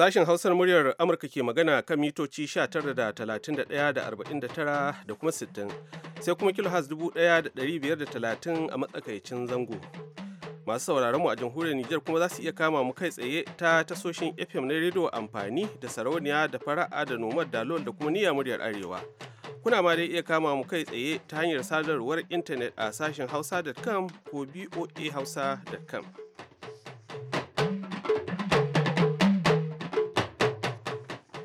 Sashen Hausar muryar Amurka ke magana kan mitoci 19.31.49 da kuma 60 sai kuma kilohaz 1530 a matsakaicin zango. Masu sauraron mu a jamhuriyar Nijar kuma za su iya kama mu kai tsaye ta tasoshin FM na rediyo amfani da sarauniya da fara'a da nomad dalol da kuma niyya muryar arewa. Kuna ma dai iya kama mu kai tsaye ta hanyar sadarwar intanet a sashen hausa.com ko boahausa.com.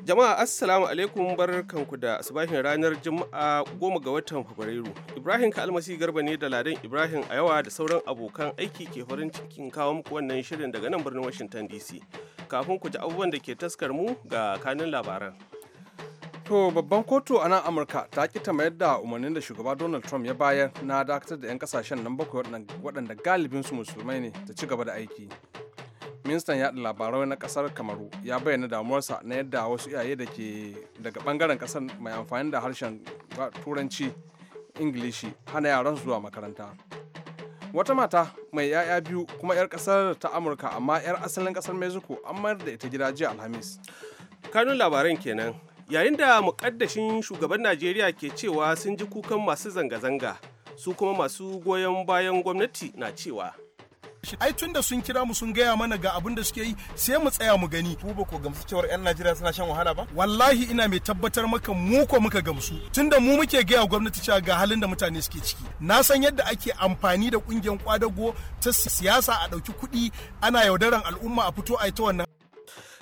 Jama'a Assalamu alaikum barkanku da asubahin ranar Juma'a goma ga watan Fabrairu. Ibrahim Kalmasi Garba ne da Ladan Ibrahim a yawa da sauran abokan aiki ke farin cikin kawo muku wannan shirin daga nan birnin Washington DC. Kafin ku ji abubuwan da ke taskar mu ga kanin labaran. To babban kotu a nan Amurka ta ki ta mayar da umarnin da shugaba Donald Trump ya bayar na dakatar da 'yan kasashen nan bakwai waɗanda galibinsu musulmai ne ta ci gaba da aiki. ministan yaɗa labarai na ƙasar kamaru ya bayyana damuwarsa na yadda wasu iyaye da ke daga ɓangaren ƙasar mai amfani da harshen turanci ingilishi hana yaran su zuwa makaranta wata mata mai yaya biyu kuma 'yar ƙasar ta amurka amma 'yar asalin ƙasar mexico an mayar da ita gida jiya alhamis kanun labaran kenan yayin da muƙaddashin shugaban najeriya ke cewa sun ji kukan masu zanga-zanga su kuma masu goyon bayan gwamnati na cewa ai tun da sun kira mu sun gaya mana ga abin da suke yi sai mu tsaya mu gani ku ba ko gamsu cewar yan Najeriya suna shan wahala ba wallahi ina mai tabbatar maka mu ko muka gamsu tun da mu muke gaya gwamnati cewa ga halin da mutane suke ciki na san yadda ake amfani da kungiyar kwadago ta siyasa a ɗauki kuɗi ana yaudaran al'umma a fito a ita wannan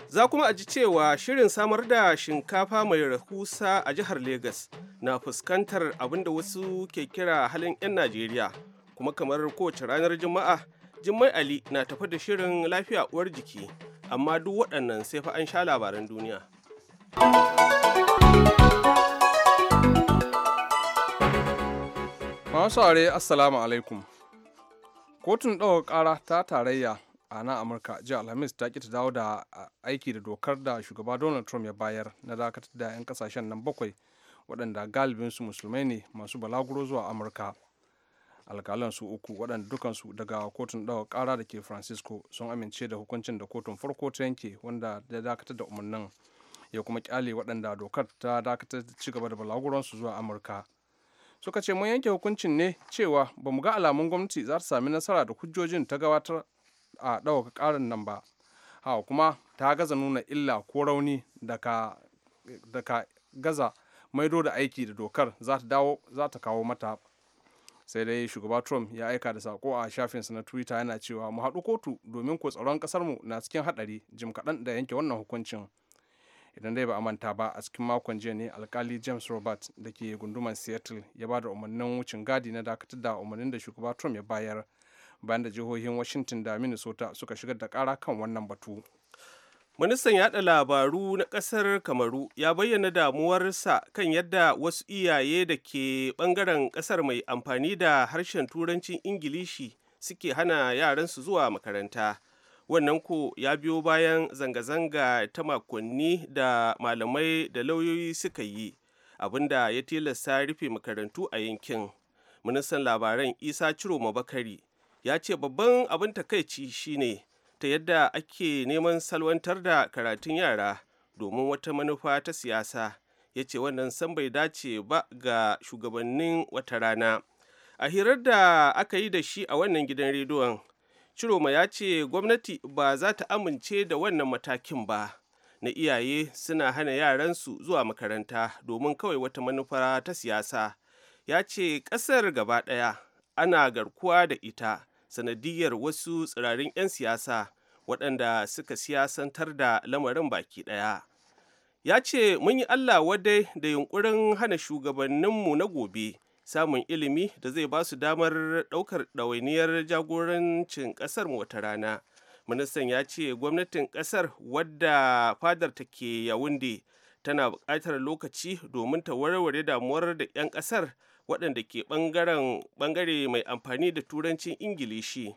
za kuma a ji cewa shirin samar da shinkafa mai rahusa a jihar Legas na fuskantar abin da wasu ke kira halin 'yan Najeriya kuma kamar kowace ranar Juma'a Jummai Ali na tafi da shirin lafiya uwar jiki, amma duk waɗannan sai fa an sha labaran duniya. Masu are Assalamu alaikum. Kotun ɗaukar ƙara ta tarayya a nan Amurka jiya Alhamis ta ƙi ta dawo da aiki da dokar da shugaba Donald Trump ya bayar na dakatar da 'yan ƙasashen nan bakwai waɗanda galibinsu musulmai ne masu balaguro zuwa Amurka. alkalan su uku waɗanda dukansu daga kotun ɗaga ƙara da ke francisco sun amince da hukuncin da kotun farko ta yanke wanda ya dakatar da umarnin ya kuma kyale waɗanda dokar ta dakatar da ci gaba da balaguransu zuwa amurka suka ce mun yanke hukuncin ne cewa ba mu ga alamun gwamnati za ta sami nasara da hujjojin ta gabatar a ɗaga ƙarin nan ba a kuma ta gaza nuna illa ko rauni daga gaza maido da aiki da dokar za ta kawo mata sai dai shugaba trump ya aika da sako a shafinsa na twitter yana cewa mu haɗu kotu domin ko tsaron mu na cikin haɗari jim kaɗan da yanke wannan hukuncin idan dai ba a manta ba a cikin makon jiya ne alkali james robert da ke gunduman seattle ya ba da umarnin wucin gadi na dakatar da umarnin da shugaba trump ya bayar bayan da jihohin washington da minnesota suka shigar da kara kan wannan batu ministan yada labaru na ƙasar kamaru ya bayyana damuwarsa kan yadda wasu iyaye da ke bangaren ƙasar mai amfani da harshen turancin ingilishi suke hana yaransu zuwa makaranta wannan ko ya biyo bayan zanga-zanga ta makonni da malamai da lauyoyi suka yi abinda ya tilasta rufe makarantu a yankin ministan labaran isa ciro mabakari ya ce babban abin takaici shine ta yadda ake neman salwantar da karatun yara domin wata manufa ta siyasa ya ce wannan san bai dace ba ga shugabannin wata rana a hirar da aka yi da shi a wannan gidan rediyon ciroma ya ce gwamnati ba za ta amince da wannan matakin ba na iyaye suna hana yaransu zuwa makaranta domin kawai wata manufa ta siyasa ya ce ƙasar gaba ɗaya ana garkuwa da ita sanadiyar wasu tsirarin 'yan siyasa waɗanda suka siyasantar da lamarin baki ɗaya ya ce mun yi allah wadai da yunkurin hana shugabanninmu na gobe samun ilimi da zai ba su damar ɗaukar ɗawainiyar jagorancin ƙasar wata rana ministan ya ce gwamnatin ƙasar wadda fadar ta ke yawunde tana buƙatar lokaci domin ta warware damuwar da 'yan ƙasar waɗanda ke ɓangare mai amfani da turancin ingilishi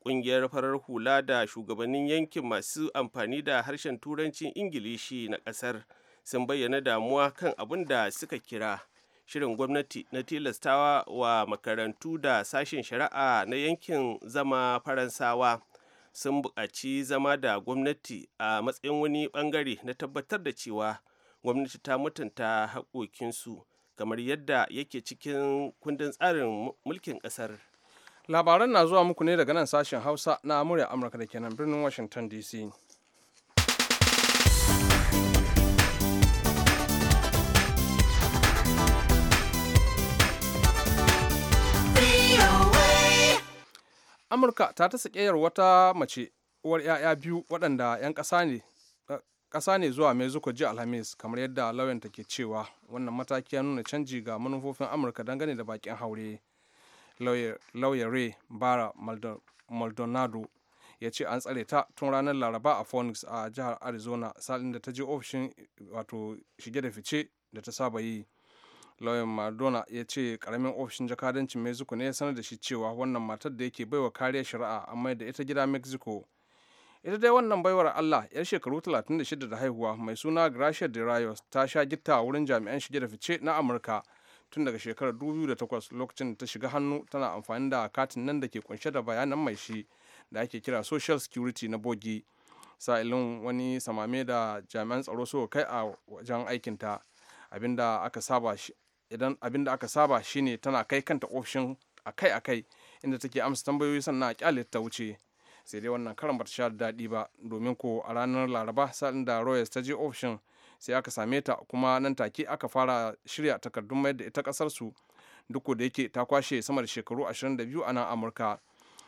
kungiyar farar hula da shugabannin yankin masu amfani da harshen turancin ingilishi na kasar sun bayyana damuwa kan abin da suka kira shirin gwamnati na tilastawa wa makarantu da sashen shari'a na yankin zama faransawa sun buƙaci zama da gwamnati a matsayin wani ɓangare na tabbatar da cewa gwamnati ta mutunta haƙoƙinsu kamar yadda yake cikin kundin tsarin mulkin ƙasar labaran na zuwa muku ne daga nan sashen hausa na murya amurka da kenan birnin washington dc amurka ta ta sakeyar wata mace uwar 'ya'ya biyu waɗanda 'yan ƙasa ne ƙasa ne zuwa mexico ji alhamis kamar yadda lauyanta ke cewa wannan mataki ya nuna canji ga manufofin amurka dangane da bakin haure lauya ray bara maldonado ya ce an tsare ta tun ranar laraba a phoenix a jihar arizona salin da ta je ofishin wato shige da fice da ta saba yi lauyan madonna ya ce karamin ofishin jakadancin mexico ne ya sanar da shi cewa wannan matar da yake baiwa kariyar shari'a amma da ita gida mexico ita dai wannan baiwar allah yar shekaru 36 da haihuwa mai suna gracia de rayos ta sha gitta wurin jami'an shige da fice na amurka tun daga shekarar 2008 lokacin da ta shiga hannu tana amfani da katin nan da ke kunshe da bayanan mai shi da ake kira social security na bogi sa'ilin wani samame da jami'an tsaro so kai a wajen aikinta abinda aka saba idan abinda aka saba shine tana kai kanta ofishin akai-akai inda take amsa tambayoyi sannan a kyale ta wuce sai dai wannan karan bata sha daɗi ba domin ko a ranar laraba sa'ilin da royals ta je ofishin sai aka same ta kuma nan take aka fara shirya takardun mayar da ita kasar su duk da yake ta kwashe sama da shekaru 22 a nan amurka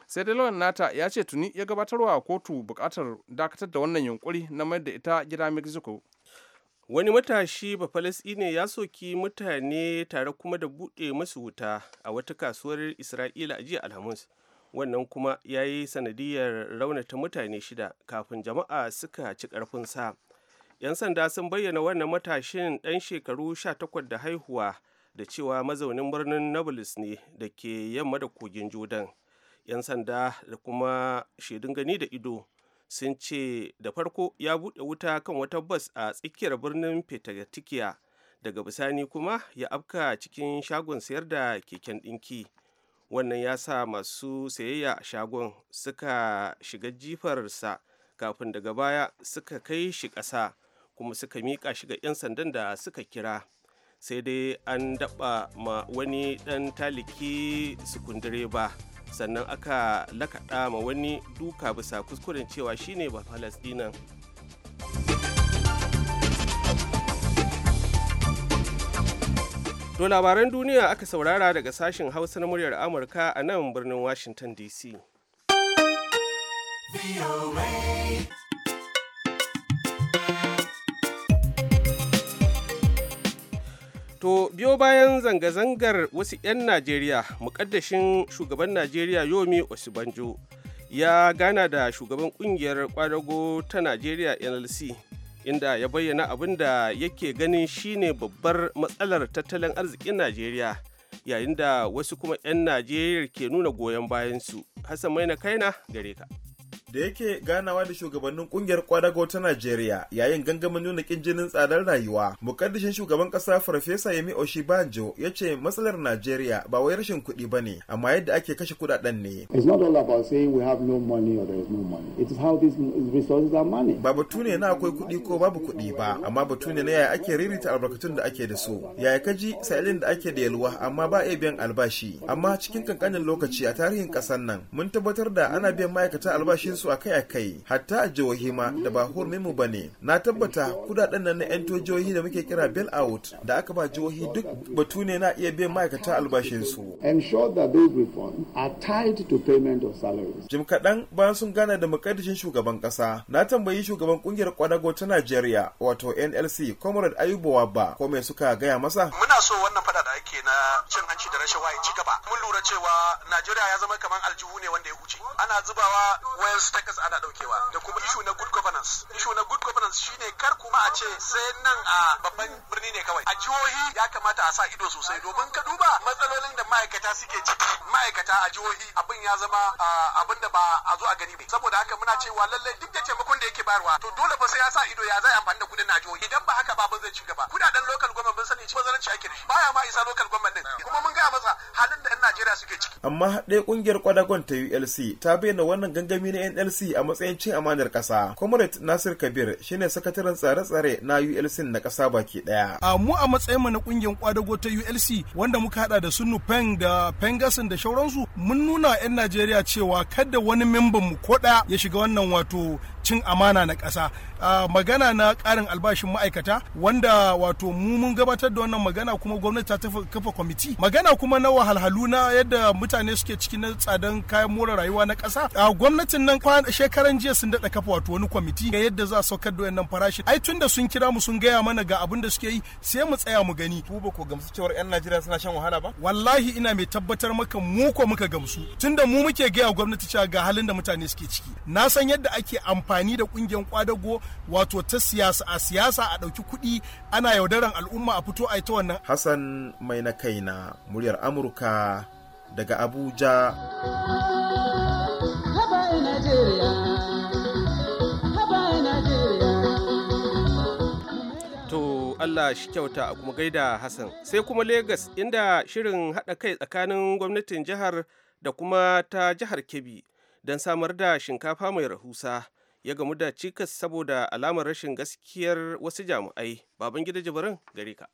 sai dai lawan nata ya ce tuni ya gabatarwa kotu bukatar dakatar da wannan yunkuri na mayar da ita gida mexico wani matashi ne ya soki mutane tare kuma da bude masu wuta a wata kasuwar isra'ila a jiya alhamis wannan kuma ya yi sanadiyar raunata mutane shida kafin jama'a suka ci karfin sa 'Yan sanda sun bayyana wannan matashin ɗan shekaru 18 da haihuwa da cewa mazaunin birnin Nablus ne da ke yamma da kogin Jordan. 'Yan sanda da kuma shaidun gani da ido sun ce da farko ya buɗe wuta kan wata bas a tsakiyar birnin Petagatikiya daga bisani kuma ya afka cikin shagon sayar da keken ɗinki. wannan ya sa masu sayayya a shagon suka shiga jifarsa kafin daga baya suka kai shi ƙasa kuma suka miƙa shi ga 'yan sandan da suka kira sai dai an daɓa ma wani ɗan taliki ba sannan aka lakaɗa ma wani duka bisa kuskuren cewa shine ba palestina To labaran duniya aka saurara daga sashen hausa na muryar amurka a nan birnin washington dc To biyo bayan zanga-zangar wasu 'yan Najeriya, Muƙaddashin shugaban Najeriya Yomi Osibanjo ya gana da shugaban ƙungiyar kwadago ta Najeriya NLC inda ya bayyana abin da yake ganin shine babbar matsalar tattalin arzikin Najeriya yayin da wasu kuma 'yan Najeriya ke nuna goyon bayansu. Hassan Maina Kaina gare ka. da yake ganawa da shugabannin kungiyar kwadago ta Najeriya yayin gangamin nuna kin jinin tsadar rayuwa. Mukaddishin shugaban kasa Farfesa Yemi Oshibanjo ya ce matsalar Najeriya ba wai rashin kuɗi ba ne, amma yadda ake kashe kuɗaɗen ne. It's not all about saying we have no money or there is no money. It is how these resources are money. Ba batu ne na akwai kuɗi ko babu kuɗi ba, amma batu ne na yaya ake ririta albarkatun da ake da su. Yaya kaji sa'ilin da ake da yalwa amma ba a biyan albashi. Amma cikin kankanin lokaci a tarihin ƙasar nan mun tabbatar da ana biyan ma'aikata albashin su akai-akai hatta a jihohi ma da ba hurumin mu ba ne. na tabbata kudaden nan na yan jihohi da muke kira bail out da aka ba jihohi duk batu ne na iya biyan ma'aikata albashin su jim kaɗan bayan sun gana da mukaddishin shugaban ƙasa na tambayi shugaban ƙungiyar kwadago ta najeriya wato nlc comrade Ayubuwa ba ko me suka gaya masa muna so wannan fada da ake na cin hanci da rashawa ya ci gaba mun lura cewa najeriya ya zama kamar aljihu ne wanda ya huce ana zubawa wayansu takas ana daukewa da kuma issue na good governance issue na good governance shine kar kuma a ce sai nan a babban birni ne kawai a jihohi ya kamata a sa ido sosai domin ka duba matsalolin da ma'aikata suke ciki ma'aikata a jihohi abin ya zama abin da ba a zo a gani ba saboda haka muna cewa lallai duk da taimakon da yake bayarwa to dole fa sai ya sa ido ya zai amfani da kudin na jihohi idan ba haka ba ban zai ci gaba kudaden local government mun sani ba zaranci ake da shi baya ma isa local government din kuma mun ga masa halin da 'yan Najeriya suke ciki amma haɗe kungiyar kwadagon ta ULC ta bayyana wannan gangami na 'yan ULC a matsayin cin amanar kasa Comrade Nasir Kabir shine sakataren tsare-tsare na ULC na kasa baki ɗaya. A mu a matsayin mu na ƙungiyar kwadago ta ULC wanda muka hada da Sunu Peng da Pengasin da shauransu mun nuna 'yan Najeriya cewa kada wani memban mu ko ya shiga wannan wato cin amana na ƙasa magana na ƙarin albashin ma'aikata wanda wato mu mun gabatar da wannan magana kuma gwamnati ta tafi kafa kwamiti magana kuma na wahalhalu na yadda mutane suke ciki na tsadan kayan more rayuwa na ƙasa gwamnatin nan shekaran jiya sun daɗa kafa wato wani kwamiti ga yadda za a saukar da wannan farashin ai tunda sun kira mu sun gaya mana ga abin da suke yi sai mu tsaya mu gani ku ba ko gamsu cewar yan Najeriya suna shan wahala ba wallahi ina mai tabbatar maka mu ko muka gamsu tunda mu muke gaya gwamnati cewa ga halin da mutane suke ciki na san yadda ake amfani amfani da kungiyar kwadago wato ta siyasa a siyasa a ɗauki kuɗi ana yaudaran al'umma a fito a ita wannan hassan mai na kaina muryar amurka daga abuja Allah shi kyauta a kuma gaida Hassan. Sai kuma Legas inda shirin haɗa kai tsakanin gwamnatin jihar da kuma ta jihar Kebbi don samar da shinkafa mai rahusa ya gamu da cikas saboda alamar rashin gaskiyar wasu jami'ai baban gida jibirin ka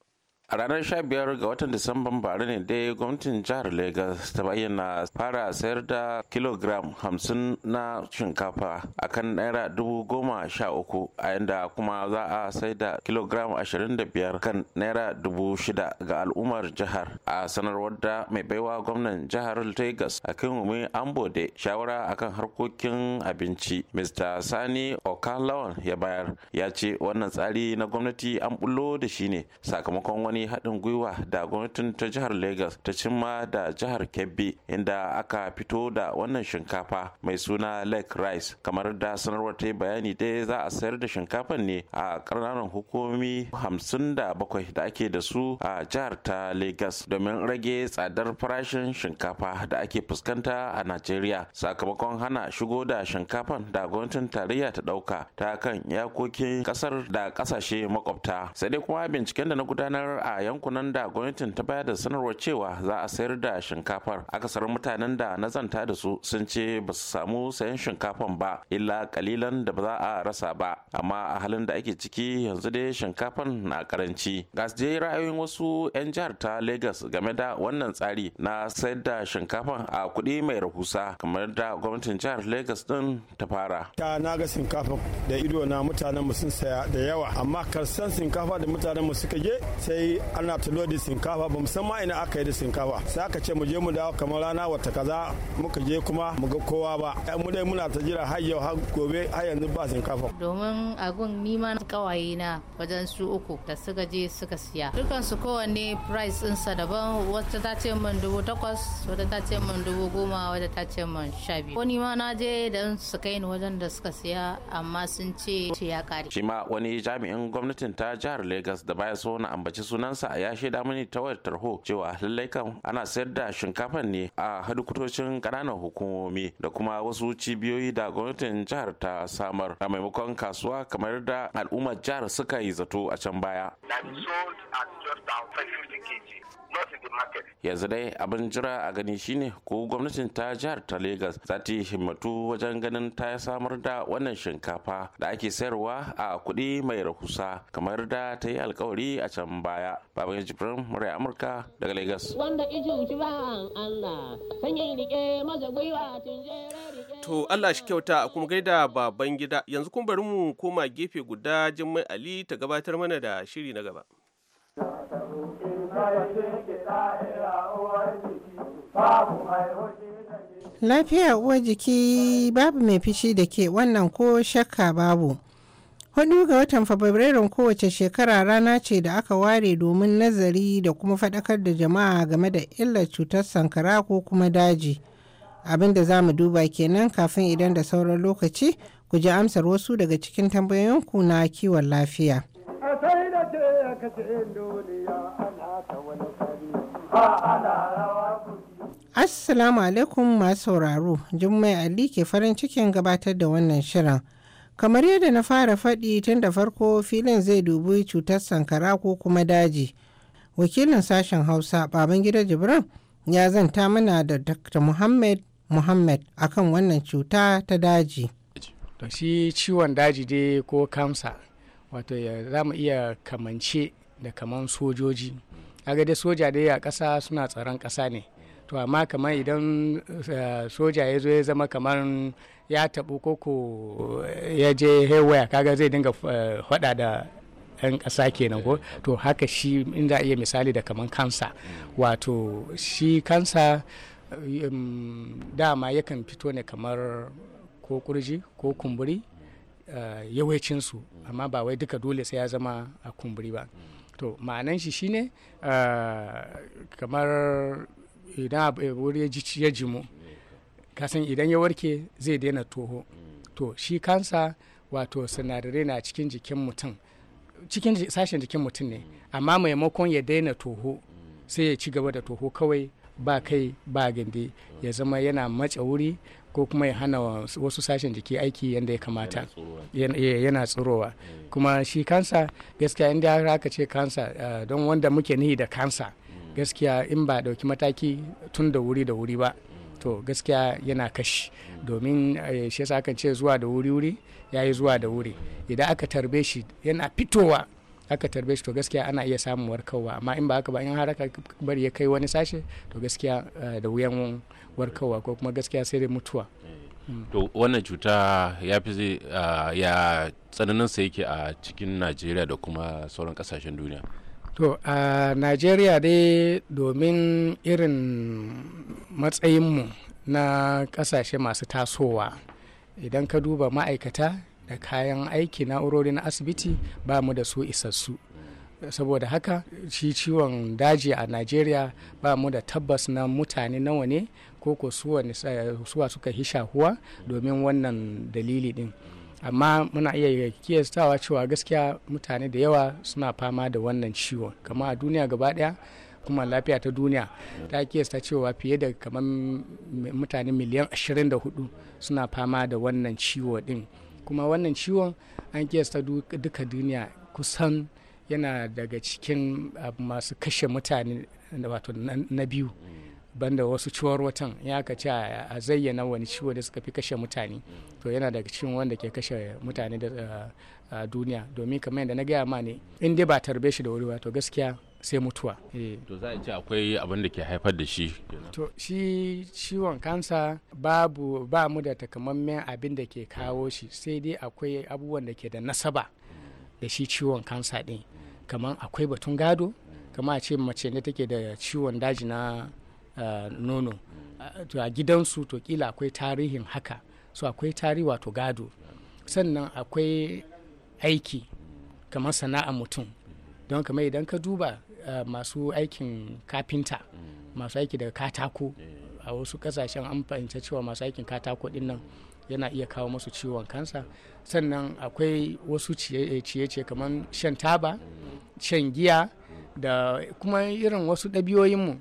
a ranar 15 ga watan disamban bara ne dai gwamnatin jihar lagos ta bayyana fara sayar da kilogram hamsin na shinkafa akan naira dubu goma sha uku a yadda kuma za a sai da kilogram 25 kan naira dubu shida ga al'ummar jihar a sanarwar da mai baiwa gwamnan jihar lagos a kan umi ambode shawara akan harkokin abinci mr sani okalawan ya bayar ya ce wannan tsari na gwamnati an bullo da shi ne sakamakon wani wani haɗin gwiwa da gwamnatin ta jihar Legas ta cimma da jihar kebbi inda aka fito da wannan shinkafa mai suna lake rice kamar da sanarwar ta yi bayani dai za a sayar da shinkafan ne a ƙananan hukumomi hamsin da bakwai da ake da su a jihar ta Legas domin rage tsadar farashin shinkafa da ake fuskanta a najeriya sakamakon hana shigo da shinkafan da gwamnatin tarayya ta ɗauka ta kan yakokin ƙasar da ƙasashe makwabta sai dai kuma binciken da na gudanar a yankunan da gwamnatin ta bayar da sanarwar cewa za a sayar da shinkafar akasarin mutanen da na zanta da su sun ce ba su samu sayan shinkafan ba illa kalilan da ba za a rasa ba amma a halin da ake ciki yanzu dai shinkafan na karanci gas ra'ayoyin wasu 'yan jihar ta lagos game da wannan tsari na sayar da shinkafan a kuɗi mai rahusa kamar da gwamnatin jihar lagos din ta fara ta na ga shinkafan da ido na mutanen mu sun saya da yawa amma karsan shinkafa da mutanen mu suka je sai ana tulo da shinkafa ba musamman ina aka yi da shinkafa sai aka ce mu je mu dawo kamar rana wata kaza muka je kuma mu ga kowa ba eh, mu dai muna ta jira har yau har gobe har yanzu ba shinkafa domin agun nima kawaye na wajen su uku da suka je suka siya su kowanne price sa daban wata ta ce min dubu takwas wata ta ce min dubu goma wata ta ce min sha biyu ni ma na je don su kai ni wajen da suka siya amma sun ce ya kare shi ma wani jami'in gwamnatin ta jihar lagos da baya so na ambaci suna sa ya shaida mini ta wayar tarho cewa lallai kam ana sayar da shinkafa ne a hadukutocin kananan hukumomi da kuma wasu cibiyoyi da gwamnatin jihar ta samar a maimakon kasuwa kamar da al'ummar jihar suka yi zato a can baya. yanzu dai abin jira a gani shine ko gwamnatin ta jihar ta Legas za ta yi himmatu wajen ganin ta samar da wannan shinkafa da ake sayarwa a kuɗi mai rahusa kamar da ta yi alkawari a can baya Babban Jibrin murai Amurka daga Lagos. Wanda iji shi ba Allah sanye rike masa gwiwa To Allah shi kyauta kuma gaida baban gida yanzu kuma bari mu koma gefe guda Jummai Ali ta gabatar mana da shiri na gaba. Lafiya uwar jiki babu mai fishi da ke wannan ko shakka babu. Hudu ga watan Fabrairun kowace shekara rana ce da aka ware domin nazari da kuma faɗakar da jama'a game da illar cutar sankara ko kuma daji. Abin da za mu duba kenan kafin idan da sauran lokaci ku ji amsar wasu daga cikin tambayoyinku na kiwon lafiya. Assalamu alaikum masu sauraro, Jummai Ali ke farin cikin gabatar da wannan shirin. kamar yadda na fara faɗi tun da farko filin zai dubi cutar sankara ko kuma daji wakilin sashen hausa baban gida jibran ya zanta mana da dr muhammad muhammad akan wannan cuta ta daji to shi ciwon daji dai ko kamsa wato za mu iya kamance da kaman sojoji kaga dai soja dai a kasa suna tsaron ƙasa ne to amma kamar idan eh, soja ya zo ya zama kamar ya taɓu koko eh, ya je hewaya kaga zai dinga eh, faɗa da 'yan ƙasa kenan ko eh. to haka shi in za a iya misali da kaman kansa wato shi kansa dama yakan fito ne kamar ko kurji ko kumburi yawancinsu amma ba wai duka dole sai ya zama a kumburi ba to ma'anan shi shine kamar idan ya jimu kasan idan ya warke zai daina toho to shi kansa wato sinadarai na cikin jikin mutum cikin sashen jikin mutum ne amma maimakon ya daina toho sai ya ci gaba da toho kawai ba kai ba gindi ya zama yana matse wuri ko kuma ya hana wasu sashen jiki aiki yadda ya kamata yana tsirowa eh, hmm. kuma shi kansa gaskiya inda aka ce kansa eh, don wanda muke nihi da kansa hmm. gaskiya in ba dauki mataki tun da wuri da wuri ba to gaskiya yana kashi domin eh, shi yasa akan ce zuwa da wuri-wuri ya yi zuwa da wuri idan aka tarbe shi yana fitowa aka tarbe shi to gaskiya ana iya samun warkarwa amma in ba haka ba in har aka bari ya kai wani sashe to gaskiya eh, da wuyan warkarwa ko kuma gaskiya sai dai mutuwa eh, mm. to wannan cuta ya fi ah, ya tsananin sa yake a cikin najeriya da kuma sauran kasashen duniya to a najeriya dai domin irin matsayinmu na kasashe masu tasowa idan ka duba ma'aikata da kayan aiki na'urori na asibiti ba mu da su isassu saboda haka shi ciwon daji a najeriya ba mu da tabbas na mutane nawa ne ko ko suwa eh, suka hi shahuwa domin wannan dalili din amma muna iya kiyastawa cewa gaskiya mutane da yawa suna fama da wannan ciwon kama a duniya gaba daya kuma lafiya ta duniya ta kiyasta cewa fiye da kamar mutane miliyan 24 suna fama da wannan ciwo din kuma wannan ciwon an kiyasta duka duniya kusan yana daga cikin ah, masu kashe mutane wato na biyu banda wasu ciwar watan ya ka ce a zayyana wani ciwo da suka fi kashe mutane to yana daga cikin wanda ke kashe mutane da duniya domin kamar yadda na gaya ma ne in dai ba tarbe shi da wuri ba to gaskiya sai mutuwa eh. to za a ce akwai abin da ke haifar da shi to shi ciwon kansa babu ba mu da takamammen abin da ke kawo shi sai dai akwai abubuwan da ke da nasaba da shi ciwon kansa din kamar akwai batun gado kamar a ce mace ne take da ciwon daji na Eh, nono eh, to a gidansu to kila akwai tarihin haka su akwai tarihi wato gado sannan akwai aiki kamar sana'a mutum don kamar idan ka duba eh, masu aikin kafinta masu aiki daga katako a wasu kasashen an fahimta cewa masu aikin katako din nan yana iya kawo masu ciwon kansa sannan akwai wasu ciye-ciye kamar shan taba shan giya da kuma irin wasu ɗabiyoyinmu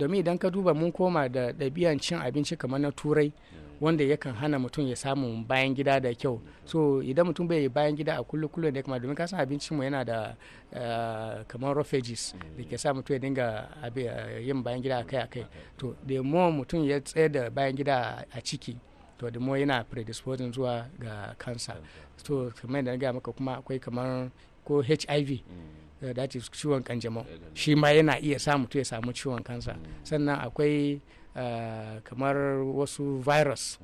domin idan ka duba mun koma da ɗabi'an cin abinci kamar na turai wanda yakan hana mutum ya samu bayan gida da kyau so idan mutum bai bayan gida a kullu kullum da kamar domin kasan abincin mu yana da eh, kamar rofages da ke sa mutum ya dinga eh, yin bayan gida akai akai to da more mutum ya tsaye da bayan gida a ciki to da yana predisposing zuwa ga kansa to kamar da na gaya maka kuma akwai kamar ko hiv da dace ciwon kanjamau shi ma yana iya sa mutum ya samu ciwon kansa sannan akwai ah, kamar wasu virus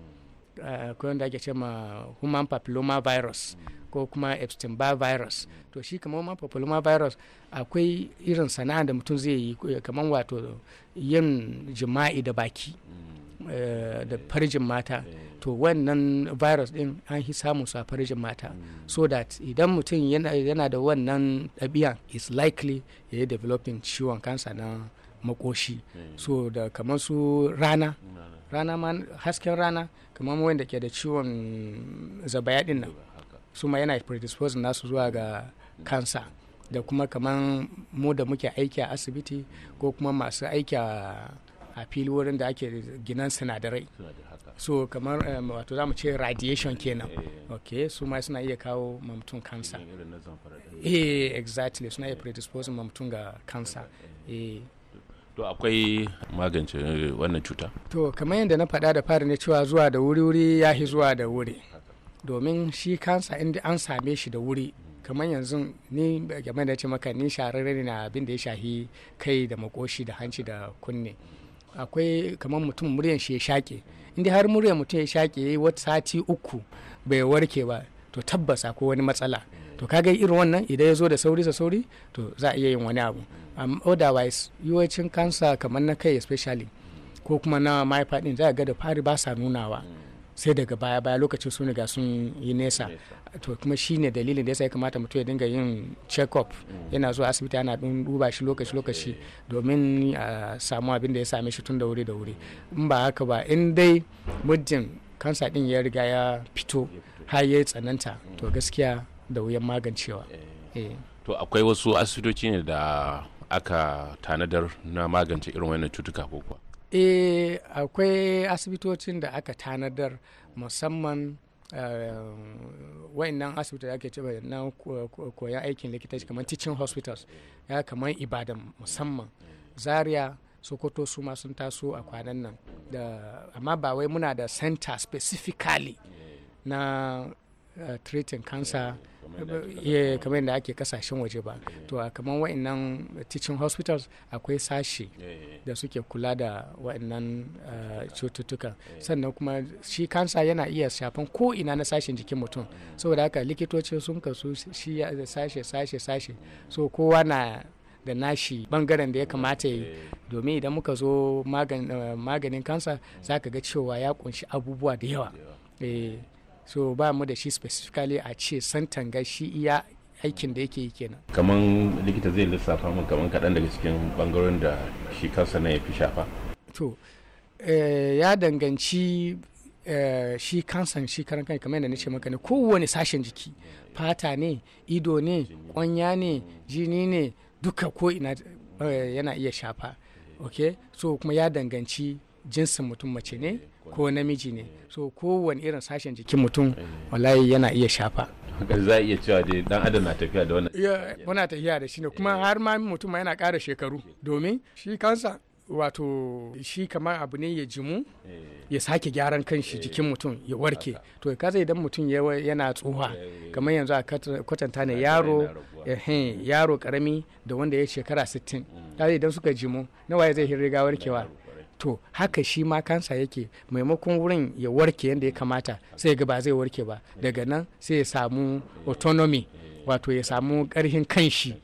ah, akwai wanda ake ce ma human papilloma virus ko kuma epstein barr virus to shi kamar human papilloma virus akwai irin sana'a da mutum zai yi kamar wato yin jima'i da baki Eh, da farjin mata to wannan virus din an fi samu su a farjin mata so that idan mutum yana da wannan ɗabi'a is likely ya yi developing ciwon kansa na makoshi so da kamar su rana rana ma hasken rana kamar wanda ke da ciwon zabaya din nan su ma yana predisposing nasu zuwa ga kansa da kuma kamar mu da muke aiki a asibiti ko kuma masu aiki a a fili wurin da ake ginan sinadarai so kamar um, wato za mu ce radiation kenan eh. ok su ma suna iya kawo mamtun kansa eh exactly suna iya predispose mamtun ga kansa eh. eh to akwai magance eh, wannan cuta to kamar yadda na faɗa da fara ne cewa zuwa da wuri-wuri ya zuwa da wuri domin shi kansa inda an same shi da wuri kamar yanzu ni game da ce maka ni shararre ne na abin da ya shahi kai da makoshi da hanci da kunne akwai kamar mutum muryan shi ya shaƙe inda har muryan mutum ya shaƙe ya yi wata sati uku bai warke ba to tabbas akwai wani matsala to kaga irin wannan idan ya zo da sauri sa sauri to za a iya yin wani abu amma otherwise yawancin kansa kamar na kai especially ko kuma na mahaifa din za a ga da fari ba sa nunawa sai daga baya baya lokacin sun riga sun yi nesa to kuma ne dalilin da yasa ya kamata mutum ya dinga yin check up mm. yana zuwa asibiti ana dun duba shi lokaci lokaci eh. domin a samu abin da ya same shi tun da wuri da wuri in ba haka ba in dai muddin kansa din ya riga ya fito har ya tsananta to mm. gaskiya da wuyan magancewa eh. Eh. to akwai wasu asibitoci ne da aka tanadar na magance irin wannan cutuka ko kuwa eh akwai asibitocin da aka tanadar musamman eh, wayannan asibiti da ake ce na koyan aikin likitaci kamar teaching hospitals ya kamar ibadan musamman zaria sokoto su ma sun taso a kwanan nan amma ba wai muna da center specifically na Uh, treating cancer kamar yadda ake kasashen waje ba to uh, kamar wa'annan teaching hospitals akwai sashi da suke kula da wa'annan uh, cututtuka sannan kuma shi kansa yana iya shafan ko ina na sashen jikin mutum mm. saboda haka likitoci sun kasu shi sashe sashe sashe so kowa na da nashi bangaren da ya kamata yi domin idan muka zo maganin kansa mm. za ka ga cewa ya kunshi abubuwa da yawa eh. so ba mu da shi specifically a ce san tanga shi iya aikin da yake yi kenan kaman likita zai lissafa mu kaman kaɗan daga cikin bangaren da shi kansa na ya fi shafa to eh, ya danganci eh, shi kansan shi karan kai kamar yadda nace maka ne kowane sashen jiki fata ne ido ne kwanya ne jini ne duka ko ina eh, yana iya shafa ok so kuma ya danganci jinsin mutum mace ne ko namiji ne so kowane irin sashen jikin mutum eh. wallahi yana iya shafa za a iya cewa dai dan adam na tafiya da wannan muna tafiya da shi ne kuma eh. har ma mutum yana ƙara shekaru domin shi kansa wato shi kamar abu ne ya jimu eh. ya sake gyaran kanshi jikin mutum ya warke to kaza idan mutum yana tsuha kamar yanzu a kwatanta ne yaro yaro karami da wanda ya shekara 60 mm. kaza idan suka jimu na waye zai riga warkewa to haka shi ma kansa yake maimakon wurin ya warke yadda ya kamata sai ga ba zai warke ba daga nan sai ya samu autonomy wato ya samu karhin kanshi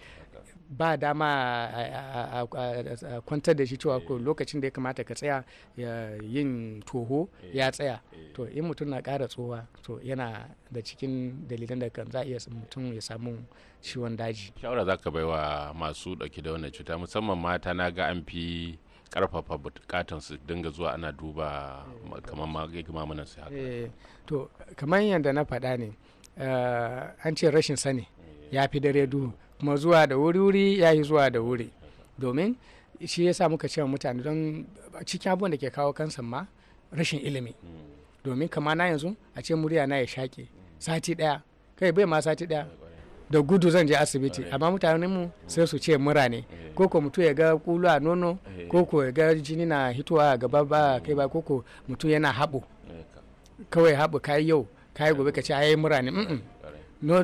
ba dama a kwantar da shi cewa ko lokacin da ya kamata ka tsaya yin toho ya tsaya to in mutum na ƙara tsowa to yana da cikin dalilan da kan za a iya mutum ya samu ciwon daji shawara za ka bai wa masu ɗauki da wannan cuta musamman mata na ga an fi karfafa bukatan su dinga zuwa ana duba kamar mana su haka eh, to kamar yadda na faɗa ne eh, an ce rashin sani eh. ya fi dare duhu kuma zuwa da wuri-wuri ya yi zuwa da wuri domin shi yasa muka cewa mutane don cikin abubuwan da ke kawo kansan ma rashin ilimi hmm. domin kama na yanzu a ce murya na ya shaƙe sati ɗaya kai bai ma sati ɗaya da gudu zan je asibiti amma mutanen mu mm. sai su ce mura ne mm. ko ko mutum ya ga kulu a nono mm. ko ko ya ga jini na hitowa a gaba ba kai ba ko ko mutum yana haɓo kawai haɓo kai yau kai gobe ka ce ai mura ne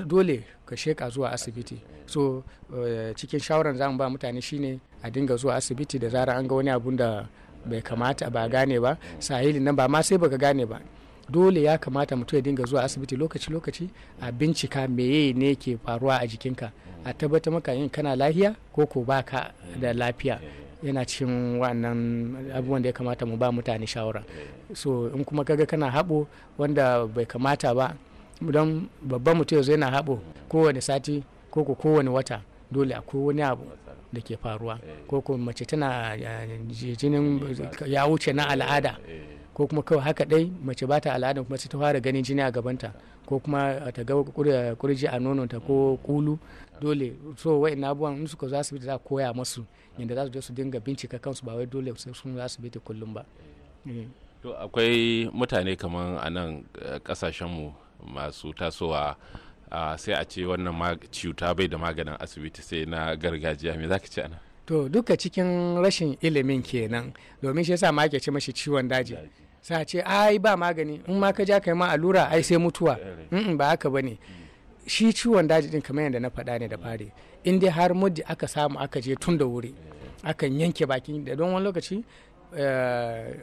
dole ka sheka zuwa asibiti so eh, cikin shawaran zamu ba mutane shine a dinga zuwa asibiti da zarar an ga wani abun da bai kamata ba gane ba sahili nan ba ma sai baka gane ba dole ya kamata mutum ya dinga zuwa asibiti lokaci-lokaci a bincika meye ne ke faruwa a jikinka a tabbatar maka yin kana lafiya ko ko baka da lafiya yana cikin wannan abubuwan da ya kamata mu ba mutane shawara so in kuma kaga kana haɓo wanda bai kamata ba don babban mutum yanzu yana haɓo kowane sati ko ko kowane wata dole akwai wani abu da ke faruwa ko ko mace tana eh, jinin ya wuce na al'ada ko kuma kawai haka dai mace ba ta al'adan kuma sai ta fara ganin jini a gabanta ko kuma ta ga kurji a nononta ko kulu dole so na abubuwan in suka za su bi za koya masu yadda za su je su dinga bincika kansu ba wai dole sun za su bi ta kullum ba eh. to akwai mutane kamar a nan eh, mu masu tasowa sai a ce wannan ciuta bai da maganin asibiti sai na gargajiya me zaka ce ana to duka cikin rashin ilimin kenan domin shi yasa ma ake ce mashi ciwon daji sai a ce ai ba magani in ma ka ja kai ma allura ai sai mutuwa ba haka bane shi ciwon daji din kamar yadda na faɗa ne da fari in dai har muddi aka samu aka je tun da wuri akan yanke bakin da don wani lokaci eh,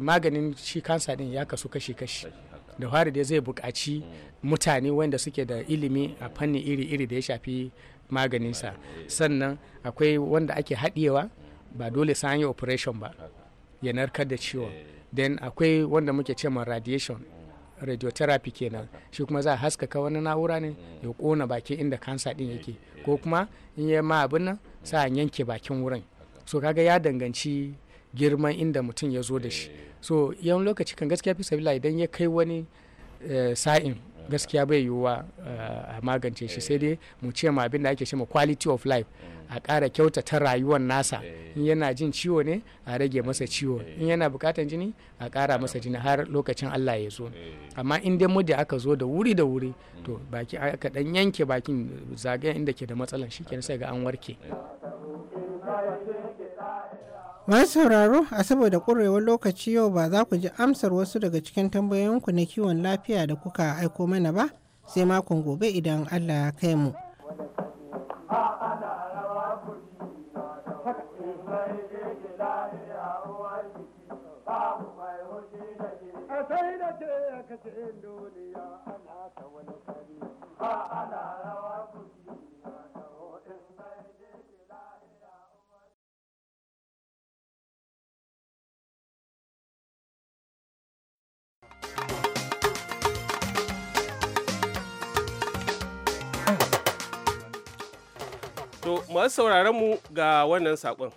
maganin shi kansa din ya kasu kashi-kashi da fari dai zai buƙaci mutane wanda suke da ilimi a fanni iri-iri da ya shafi maganinsa sannan akwai wanda ake haɗiyewa ba dole sa yi operation ba ya narkar da ciwon then akwai wanda muke ce ma radiation radiotherapy kenan shi kuma za a haskaka wani na'ura ne ya kona bakin inda kansa din yake ko kuma in yi ma abin nan sa a yanke bakin wurin so kaga ya danganci girman inda mutum ya zo da shi so yawan lokaci kan gaskiya fi sabila idan ya kai wani eh, sa'in gaskiya bai yiwuwa eh, a magance shi sai dai mu ce ma abin da ake ma quality of life a ƙara ta rayuwar nasa in yana jin ciwo ne a rage masa ciwo in yana buƙatar jini a kara masa jini har lokacin Allah ya zo amma in dai muda aka zo da wuri da wuri to baki aka dan yanke bakin zagaya inda ke da matsalan shi sai ga an warke Masu sauraro a saboda ƙurewar lokaci yau ba za ku ji amsar wasu daga cikin tambayoyinku na kiwon lafiya da kuka aiko mana ba sai makon gobe idan Allah ya kai mu. To masu sauraron mu ga wannan saƙon.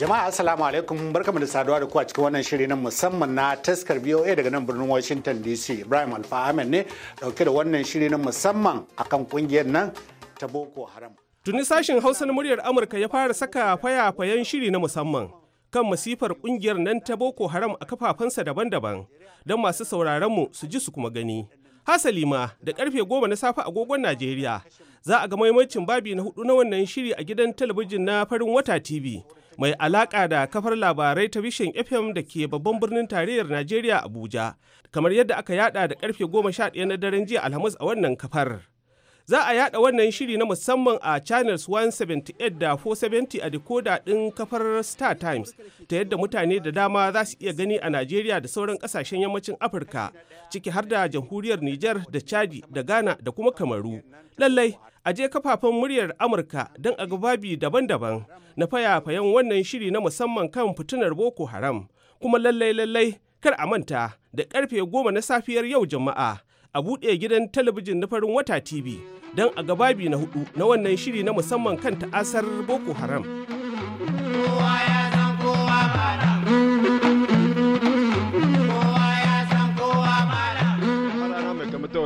Jama'a Assalamu alaikum barkamu da saduwa da ku a cikin wannan shiri na musamman na taskar VOA daga nan birnin Washington DC. Ibrahim Alfa Ahmed ne dauke da wannan shiri na musamman kan kungiyar nan ta Boko Haram. Tuni sashin Hausa na muryar Amurka ya fara saka fayafayen shiri na musamman kan masifar kungiyar nan ta Boko Haram a kafafensa daban-daban don masu sauraron mu su ji su kuma gani. Hasali ma da karfe goma na safe agogon Najeriya za a ga maimacin babi na hudu na wannan shiri a gidan talabijin na farin wata TV mai alaka da kafar labarai ta bishin FM da ke babban birnin tarayyar Najeriya Abuja kamar yadda aka yada da karfe 11 na daren jiya Alhamis a wannan kafar. Za a yada wannan shiri na musamman a channels 178 da 470 a decoder ɗin kafar Star Times ta yadda mutane da dama za su iya gani a Najeriya da sauran ƙasashen yammacin Afirka ciki har da jamhuriyar Nijar da Chadi da Ghana da kuma Kamaru. Lallai a je kafafen muryar Amurka don a babi daban-daban na fayafayen wannan shiri na musamman kan fitinar Boko Haram. Kuma lallai lallai kar a manta da karfe goma na safiyar yau jama'a a buɗe gidan talabijin na farin wata TV don a gababi na hudu na wannan shiri na musamman kan ta'asar Boko Haram.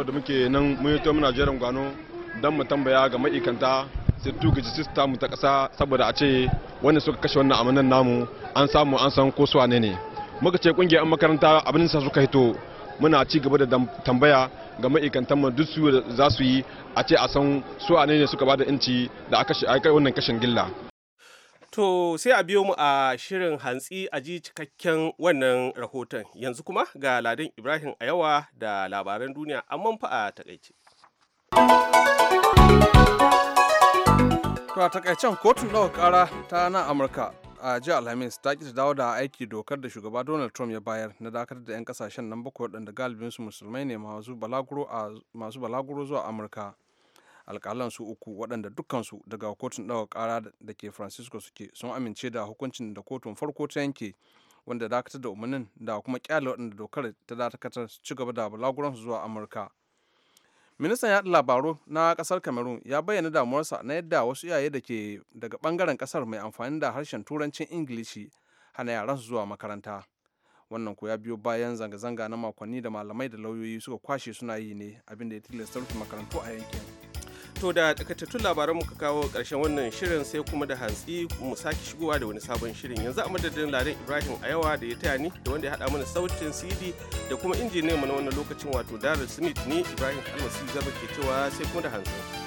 da muke nan mun yato muna jerin gwano don mu tambaya ga ma'aikanta sai tuga sista mu ta kasa, saboda a ce wanda suka kashe wannan amanan namu an samu an san ko su ne ne muka ce kungiyar makaranta abin sa suka hito muna ci gaba da tambaya ga ma'aikatan mu duk su za su yi a ce a san su a ne suka bada inci da aka kai wannan kashin gilla to sai a biyo mu a shirin hantsi a ji cikakken wannan rahoton yanzu kuma ga ladin ibrahim ayawa da labaran duniya amma fa a takaice To a takaicen kotun ɗaukar ƙara ta nan Amurka a jiya alhamis ta ki dawo da aiki dokar da shugaba donald trump ya bayar na dakatar da 'yan kasashen nan bakwai waɗanda galibinsu musulmai ne masu balaguro zuwa amurka alkalan su uku waɗanda dukkansu daga kotun ɗaga ƙara da ke francisco suke sun amince da hukuncin da kotun farko ta yanke wanda dakatar da umarnin da kuma kyale waɗanda dokar ta dakatar su ci gaba da balaguransu zuwa amurka ministan yaɗa labaru na ƙasar cameroon ya bayyana damuwarsa na yadda wasu iyaye da ke daga ɓangaren ƙasar mai amfani da harshen turancin ingilishi hana yaran su zuwa makaranta wannan ko ya biyo bayan zanga-zanga na makonni da malamai da lauyoyi suka kwashe suna yi ne abinda ya tilasta rufe makarantu a yankin To da takaitattun labaran muka kawo karshen wannan shirin sai kuma da hantsi mu sake shigowa da wani sabon shirin yanzu a madadin Larin Ibrahim Ayawa da ya taya ni da wanda ya hada mana sautin CD da kuma injiniyan mu na wannan lokacin wato Daryl Smith ni Ibrahim Almasi Garba ke cewa sai kuma da hantsi.